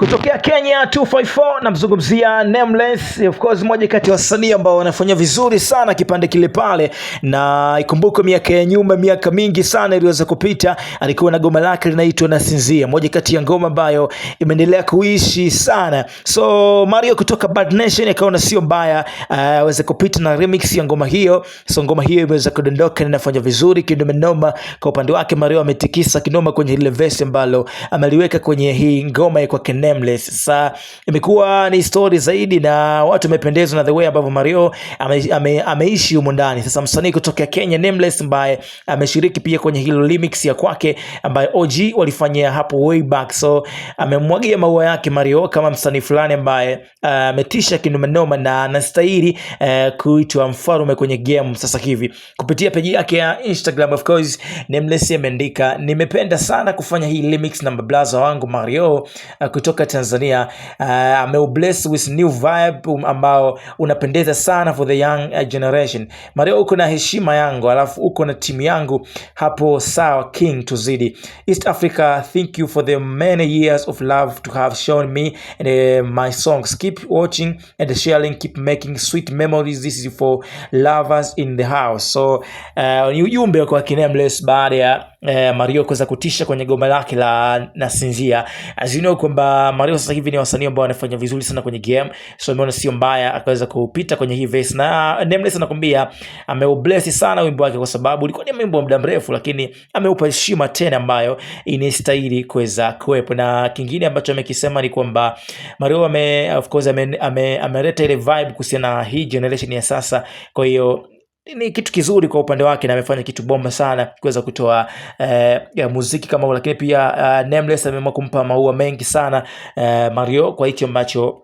Kutokea Kenya 254 namzungumzia Nameless, of course mmoja kati ya wasanii ambao wanafanya vizuri sana kipande kile pale, na ikumbuke miaka ya nyuma, miaka mingi sana iliweza kupita, alikuwa na goma lake linaitwa Nasinzia, moja kati ya ngoma ambayo imeendelea kuishi sana. So Mario kutoka Bad Nation akaona sio mbaya eh, aweze uh, kupita na remix ya ngoma hiyo. So ngoma hiyo imeweza kudondoka na inafanya vizuri kinoma noma. Kwa upande wake Mario ametikisa kinoma kwenye ile verse ambalo ameliweka kwenye hii ngoma ya kwa Kenya Nameless. Sasa imekuwa ni story zaidi na watu wamependezwa na the way ambavyo Mario ameishi ame, ame humo ndani. Sasa msanii kutoka Kenya Nameless ambaye ameshiriki pia kwenye hilo remix ya kwake ambaye OG walifanyia hapo way back, so amemwagia maua yake Mario kama msanii fulani ambaye eh, ametisha uh, kinoma noma na anastahili uh, kuitwa mfalme kwenye game sasa hivi. Kupitia peji yake ya Instagram, of course, Nameless ameandika nimependa sana kufanya hii remix na mablaza wangu Mario uh, kutoka kutoka Tanzania uh, ameubless with new vibe um, ambao unapendeza sana for the young uh, generation. Mario, uko na heshima yangu, alafu uko na timu yangu hapo, sawa king, tuzidi East Africa. Thank you for the many years of love to have shown me and uh, my songs. Keep watching and sharing, keep making sweet memories. This is for lovers in the house. So uh, ni ujumbe kwa Kinemless baada ya eh, uh, Mario kuweza kutisha kwenye goma lake la Nasinzia. As you know kwamba mario sasa hivi ni wasanii ambao wanafanya vizuri sana kwenye game, so ameona sio mbaya akaweza kupita kwenye hii verse, na Nameless anakuambia ameubless sana wimbo wake, kwa sababu ulikuwa ni wimbo wa muda mrefu, lakini ameupa heshima tena ambayo inastahili kuweza kuwepo. Na kingine ambacho amekisema ni kwamba mario ame of course ameleta ame, ame ile vibe kuhusiana na hii generation ya sasa, kwa hiyo ni kitu kizuri kwa upande wake na amefanya kitu bomba sana kuweza kutoa eh, muziki kama huo, lakini pia uh, Nameless ameamua kumpa maua mengi sana eh, Mario kwa hicho ambacho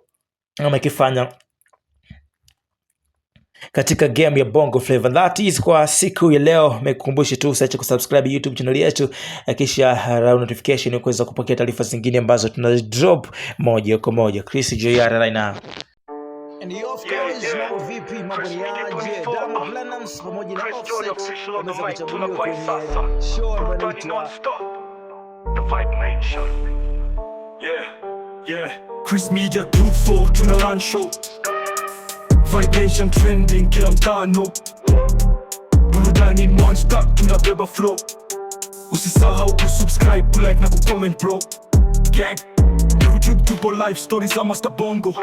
amekifanya katika game ya Bongo Flava. That is kwa siku ya leo. Mekukumbushe tu usiache kusubscribe YouTube channel yetu, kisha eh, raw notification kuweza kupokea taarifa zingine ambazo tunazidrop moja kwa moja. Chris Joyara right now. ni off Coins na OVP mambo ni aje? Diamond Platnumz pamoja na Offset wameweza kuchaguliwa kwenye show ambayo inaitwa The Vibe Nation. Yeah, yeah. Chris Media Group 4 tuna run show. Vibe Nation trending kila mtano. Burudani monster tunabeba flow. Usisahau kusubscribe, kulike na kucomment bro. Gang. YouTube tupo live stories za Master Bongo.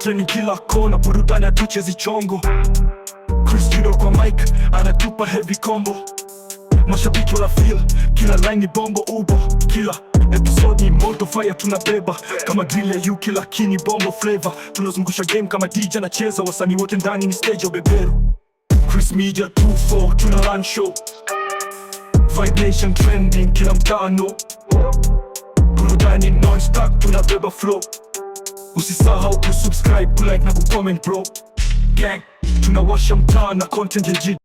Treni kila kona, burudani hatuchezi chongo. Chris Judo kwa mike anatupa heavy combo. Mashabiki wana feel kila line ni bombo ubo, kila episode ni moto fire tunabeba kama drill ya UK lakini bombo flavor. Tunazungusha game kama DJ anacheza, wasanii wote ndani ni stage ya beberu. Chris Media 24 tuna run show, vibration trending kila mtano, burudani non-stop tunabeba flow Usisahau kusubscribe, kulike na kucomment bro. Gang, tunawasha mtaa na content legit.